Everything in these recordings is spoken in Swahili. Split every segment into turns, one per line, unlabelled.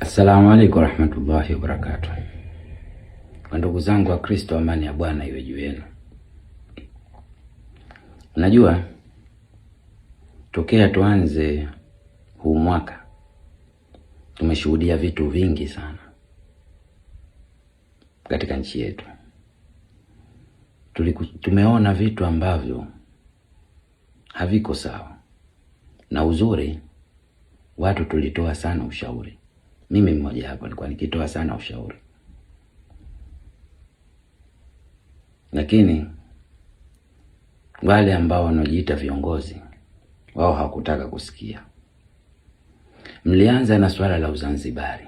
alaykum wa rahmatullahi wa Kwa ndugu zangu wa Kristo, amani ya Bwana iwe juu yenu. Unajua, tokea tuanze huu mwaka tumeshuhudia vitu vingi sana katika nchi yetu. Tuliku, tumeona vitu ambavyo haviko sawa, na uzuri watu tulitoa sana ushauri mimi mmoja hapo nilikuwa nikitoa sana ushauri, lakini wale ambao wanaojiita viongozi wao hawakutaka kusikia. Mlianza na suala la Uzanzibari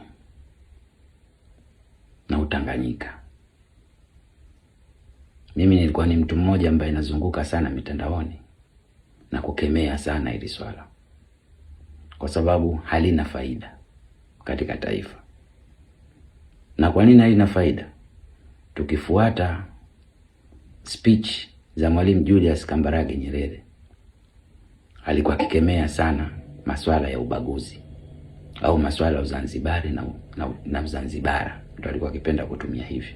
na Utanganyika. Mimi nilikuwa ni mtu mmoja ambaye nazunguka sana mitandaoni na kukemea sana hili swala kwa sababu halina faida katika taifa. Na kwa nini haina faida? Tukifuata speech za Mwalimu Julius Kambarage Nyerere, alikuwa akikemea sana masuala ya ubaguzi au masuala ya Uzanzibari na, na, na Uzanzibara, ndio alikuwa akipenda kutumia hivyo.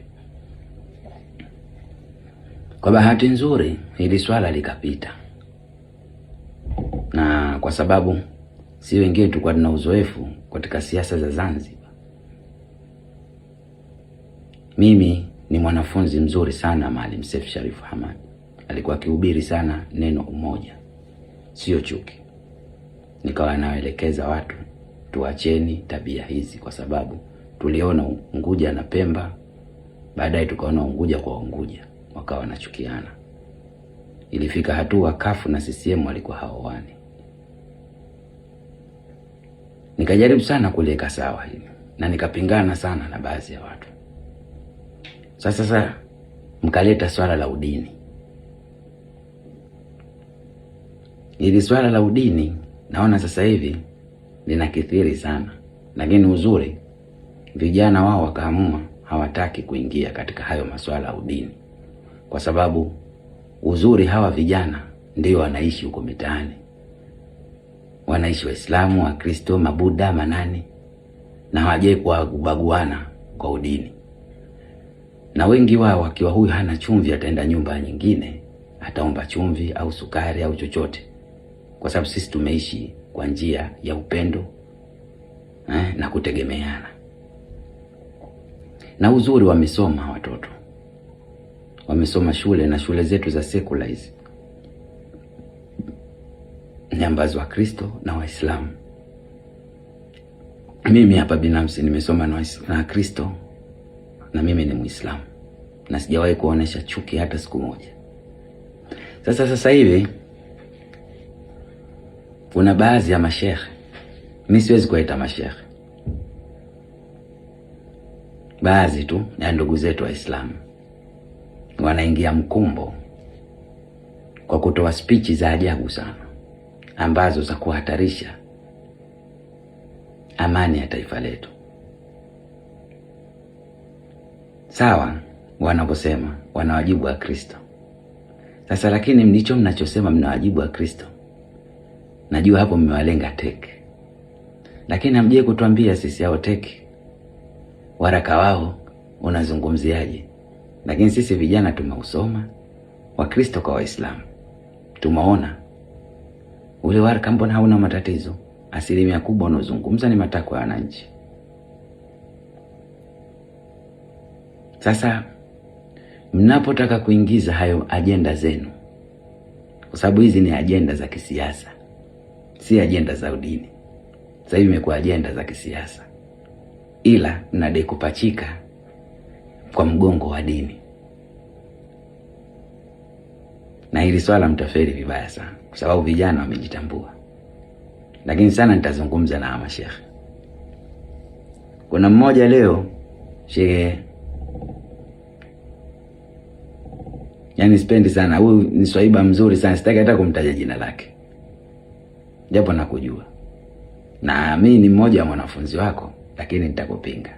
Kwa bahati nzuri hili swala likapita, na kwa sababu si wengine tulikuwa tuna uzoefu katika siasa za Zanzibar. Mimi ni mwanafunzi mzuri sana Maalim Seif Sharif Hamad, alikuwa akihubiri sana neno umoja, sio chuki. Nikawa nawaelekeza watu tuacheni tabia hizi, kwa sababu tuliona Unguja na Pemba, baadaye tukaona Unguja kwa Unguja, wakawa wanachukiana. Ilifika hatua kafu na CCM walikuwa hawawani. Nikajaribu sana kuliweka sawa hivi na nikapingana sana na baadhi ya watu. Sasa sasa mkaleta swala la udini. Hili swala la udini naona sasa hivi linakithiri sana, lakini uzuri vijana wao wakaamua hawataki kuingia katika hayo masuala ya udini, kwa sababu uzuri hawa vijana ndio wanaishi huko mitaani wanaishi Waislamu, Wakristo, mabuda manani na hawajai kubaguana kwa udini, na wengi wao wakiwa huyu hana chumvi, ataenda nyumba nyingine ataomba chumvi au sukari au chochote, kwa sababu sisi tumeishi kwa njia ya upendo eh, na kutegemeana. Na uzuri wamesoma watoto, wamesoma shule na shule zetu za sekula hizi nyambazi wa Wakristo na Waislamu. Mimi hapa binafsi nimesoma na Kristo na mimi ni Muislamu na sijawahi kuonesha chuki hata siku moja. Sasa sasa hivi kuna baadhi ya mashekhe, mi siwezi kuwaita mashekhe, baadhi tu ya ndugu zetu Waislamu wanaingia mkumbo kwa kutoa spichi za ajabu sana ambazo za kuhatarisha amani ya taifa letu. Sawa wanaposema wanawajibu wa Kristo sasa, lakini mlicho mnachosema mnawajibu wa Kristo. Najua hapo mmewalenga teke, lakini hamjai kutuambia sisi hao teke waraka wao unazungumziaje? Lakini sisi vijana tumeusoma, Wakristo kwa Waislamu tumeona Ule waraka mbona hauna matatizo? Asilimia kubwa unaozungumza ni matakwa ya wananchi. Sasa mnapotaka kuingiza hayo ajenda zenu, kwa sababu hizi ni ajenda za kisiasa, si ajenda za udini. Sasa hivi imekuwa ajenda za kisiasa, ila kupachika kwa mgongo wa dini. na hili swala mtafeli vibaya sana, kwa sababu vijana wamejitambua. Lakini sana nitazungumza na mashekhe. Kuna mmoja leo shehe, yani sipendi sana huyu, ni swaiba mzuri sana, sitaki hata kumtaja jina lake, japo nakujua na mi ni mmoja wa mwanafunzi wako, lakini nitakupinga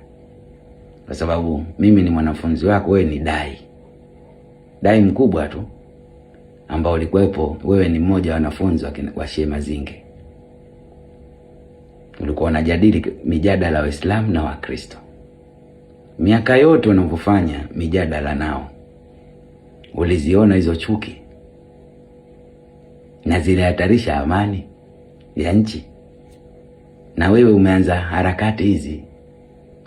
kwa sababu mimi ni mwanafunzi wako, wewe ni dai dai mkubwa tu ambao ulikuwepo, wewe ni mmoja wa wanafunzi wa Shehe Mazinge, ulikuwa unajadili mijadala Waislamu na Wakristo. Miaka yote unavyofanya mijadala nao, uliziona hizo chuki na zilihatarisha amani ya nchi, na wewe umeanza harakati hizi,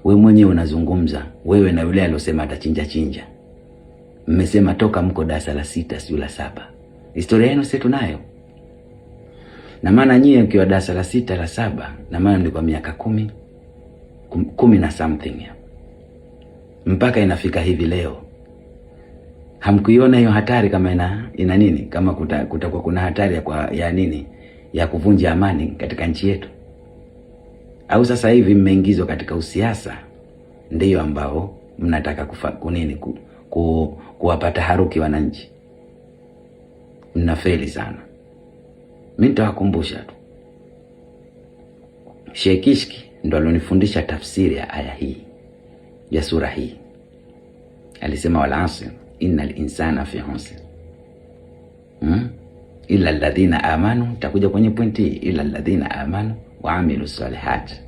we mwenyewe unazungumza wewe na yule aliyosema atachinja chinja mmesema toka mko darasa la sita siu la saba. Historia yenu sisi tunayo, na maana nyie mkiwa darasa la sita la saba, na maana mlikuwa miaka kumi kumi na something mpaka inafika hivi leo, hamkuiona hiyo hatari kama ina, ina nini kama kutakuwa kuta kuna hatari ya, kwa, ya nini ya kuvunja amani katika nchi yetu? Au sasa hivi mmeingizwa katika usiasa, ndiyo ambao mnataka kufa kunini ku ku, kuwapa taharuki wananchi. Mnafeli sana. Mi nitawakumbusha tu, Sheikh Kishki ndo alionifundisha tafsiri ya aya hii ya sura hii. Alisema wal asr innal insana fi husr hmm? illa alladhina amanu. Takuja kwenye pointi hii, illa alladhina amanu wa amilu salihati.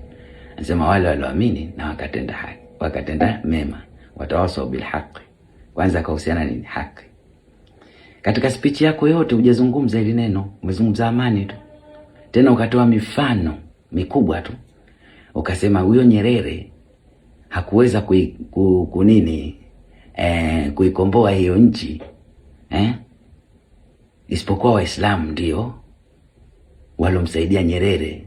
Anasema wale walioamini na wakatenda haki, wakatenda mema, watawasau bilhaqi kwanza kahusiana nini? Haki. Katika spichi yako yote hujazungumza hili neno, umezungumza amani tu, tena ukatoa mifano mikubwa tu, ukasema huyo Nyerere hakuweza kui, ku, kunini eh, kuikomboa hiyo nchi eh? Isipokuwa Waislamu ndio walomsaidia Nyerere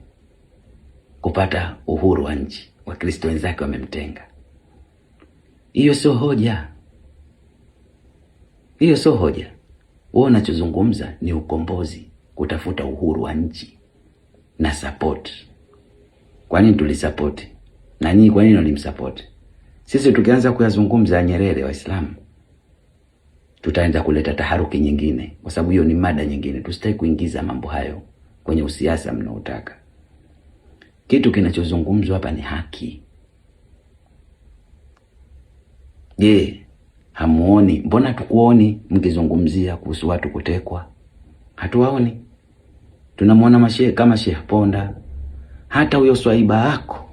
kupata uhuru wa nchi, Wakristo wenzake wamemtenga. Hiyo sio hoja. Hiyo sio hoja. Wewe unachozungumza ni ukombozi, kutafuta uhuru wa nchi na support. Kwa nini tulisupport? Na nyinyi kwa nini mlimsupport? Sisi tukianza kuyazungumza Nyerere Waislamu tutaenda kuleta taharuki nyingine, kwa sababu hiyo ni mada nyingine. Tusitaki kuingiza mambo hayo kwenye usiasa mnaotaka. Kitu kinachozungumzwa hapa ni haki. Je, hamuoni? Mbona tukuoni mkizungumzia kuhusu watu kutekwa? Hatuwaoni? Tunamwona mashehe kama Sheikh Ponda, hata huyo swaiba yako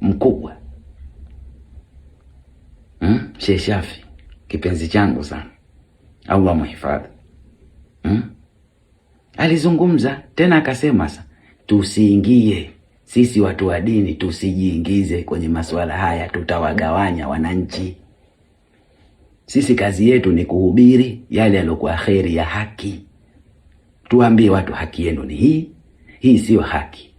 mkubwa hmm? Sheikh Shafi kipenzi changu sana, Allah muhifadhi hmm? Alizungumza tena akasema, sa tusiingie sisi watu wa dini, tusijiingize kwenye masuala haya, tutawagawanya wananchi. Sisi kazi yetu ni kuhubiri yale yaliyokuwa kheri ya haki, tuambie watu haki yenu ni hii, hii siyo haki.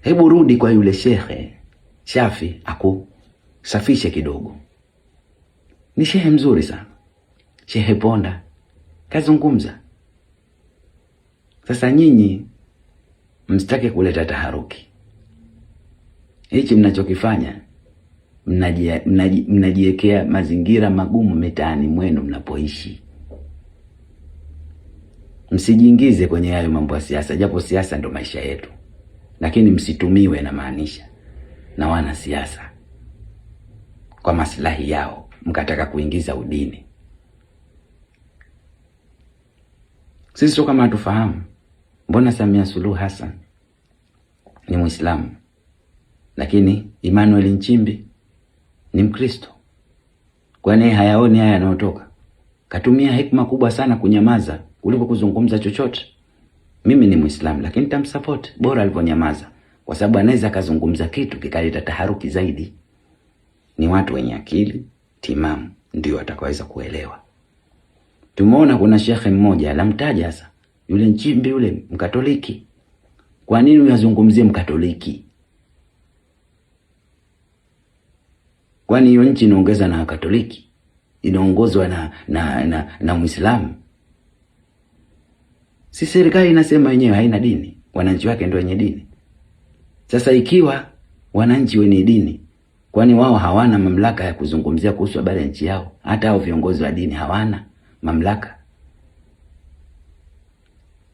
Hebu rudi kwa yule shekhe Shafi akusafishe kidogo. Ni shehe mzuri sana, Shehe Ponda kazungumza. Sasa nyinyi msitake kuleta taharuki, hichi mnachokifanya mnajiwekea mnaji, mazingira magumu mitaani mwenu mnapoishi. Msijiingize kwenye hayo mambo ya siasa, japo siasa ndo maisha yetu, lakini msitumiwe, namaanisha na wana siasa kwa maslahi yao, mkataka kuingiza udini. Sisi sio kama hatufahamu. Mbona Samia Suluhu Hassan ni Mwislamu, lakini Emmanuel Nchimbi ni Mkristo, kwani hayaoni haya yanayotoka? Katumia hekima kubwa sana kunyamaza kuliko kuzungumza chochote. Mimi ni Muislamu, lakini tamsupport bora alivyonyamaza, kwa sababu anaweza akazungumza kitu kikaleta taharuki zaidi. Ni watu wenye akili timamu ndio watakaweza kuelewa. Tumeona kuna shekhe mmoja alamtaja, sasa yule Nchimbi yule Mkatoliki. Kwa nini uyazungumzie Mkatoliki? kwani hiyo nchi inaongeza na Katoliki inaongozwa na, na, na, na Muislamu. Si serikali inasema yenyewe haina dini, wananchi wake ndio wenye dini. Sasa ikiwa wananchi wenye dini, kwani wao hawana mamlaka ya kuzungumzia kuhusu habari ya nchi yao? Hata hao viongozi wa dini hawana mamlaka?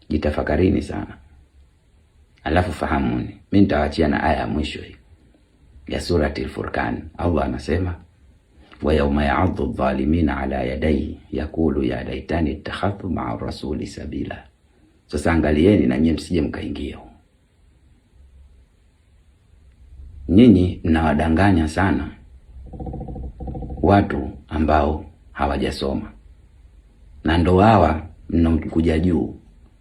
Jitafakarini sana, alafu fahamuni. Mi nitawaachia na aya ya mwisho hii ya surati Al-Furqan, Allah anasema wa yauma ya'adhu adh-dhalimina ala yadayhi yaqulu ya laitani ittakhadhtu ma'a rasuli sabila. Sasa angalieni na nyinyi msije mkaingia. Nyinyi mnawadanganya sana watu ambao hawajasoma, na ndo hawa mnakuja juu,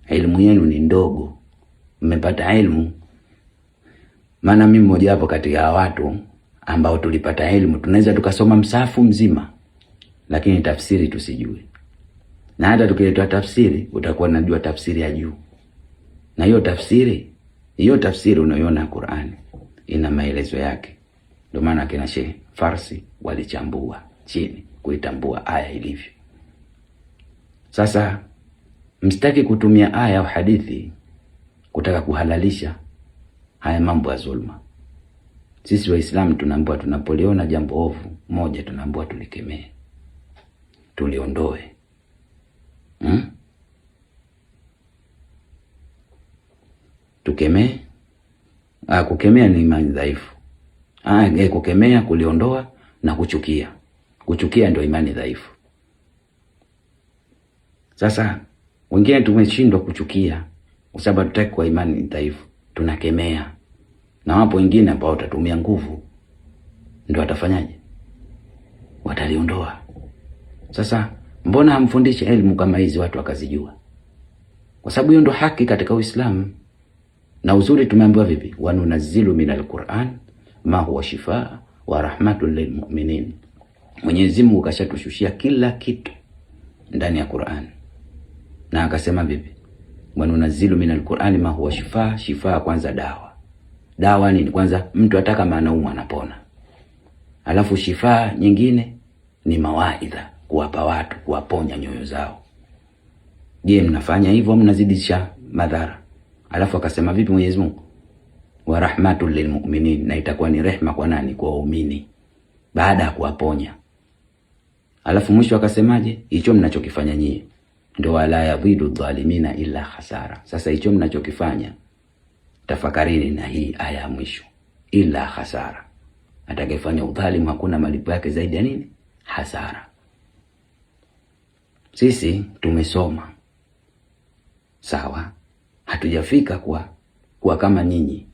elimu yenu ni ndogo, mmepata elimu maana mimi mmoja wapo kati ya watu ambao tulipata elimu, tunaweza tukasoma msafu mzima, lakini tafsiri tusijue. na hata tukiletwa tafsiri utakuwa unajua tafsiri ya juu, na hiyo tafsiri hiyo tafsiri unayoona Qur'ani ina maelezo yake. Ndio maana kina Sheikh Farsi walichambua chini kuitambua aya ilivyo. Sasa msitaki kutumia aya au hadithi kutaka kuhalalisha haya mambo ya zulma. Sisi Waislamu tunaambiwa tunapoliona jambo ovu moja, tunaambiwa tulikemee, tuliondoe hmm? Tukemee. Ah, kukemea ni imani dhaifu. Ah, eh, kukemea, kuliondoa na kuchukia. Kuchukia ndio imani dhaifu. Sasa wengine tumeshindwa kuchukia kwa sababu tutaki kwa imani dhaifu tunakemea, na wapo wengine ambao watatumia nguvu, ndio watafanyaje? Wataliondoa. Sasa mbona hamfundishi elimu kama hizi watu wakazijua? Kwa sababu hiyo ndo haki katika Uislamu. Na uzuri tumeambiwa vipi? wanunazilu min alquran ma huwa shifaa wa rahmatu lilmuminin. mwenyezimungu kashatushushia kila kitu ndani ya Qur'an, na akasema vipi wanunazilu min alqurani ma huwa shifa shifa kwanza dawa dawa ni kwanza, mtu ataka kama anaumwa anapona. Alafu shifa nyingine ni mawaidha, kuwapa watu, kuwaponya nyoyo zao. Je, mnafanya hivyo? Mnazidisha madhara. Alafu akasema vipi Mwenyezi Mungu, wa rahmatul lilmuminin, na itakuwa ni rehma kwa nani? Kwa waumini, baada ya kuwaponya. Alafu mwisho akasemaje? Hicho mnachokifanya nyie Ndo wala yadhidu dhalimina illa khasara. Sasa hicho mnachokifanya, tafakarini na hii aya ya mwisho, illa khasara, atakayefanya udhalimu hakuna malipo yake zaidi ya nini? Hasara. Sisi tumesoma sawa, hatujafika kwa kuwa kama nyinyi,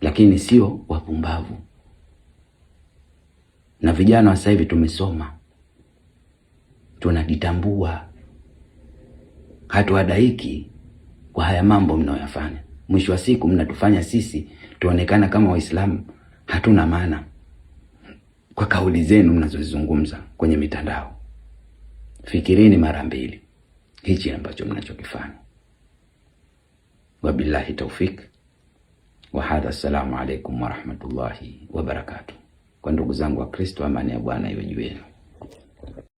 lakini sio wapumbavu. Na vijana wa sasa hivi tumesoma, tunajitambua hatuadaiki kwa haya mambo mnayoyafanya. Mwisho wa siku mnatufanya sisi tuonekana kama Waislamu hatuna maana kwa kauli zenu mnazozizungumza kwenye mitandao. Fikirini mara mbili hichi ambacho mnachokifanya. Wabillahi taufik wa hadha. Assalamu alaikum warahmatullahi wabarakatuh. Kwa ndugu zangu wa Kristo, amani ya Bwana iwe juu yenu.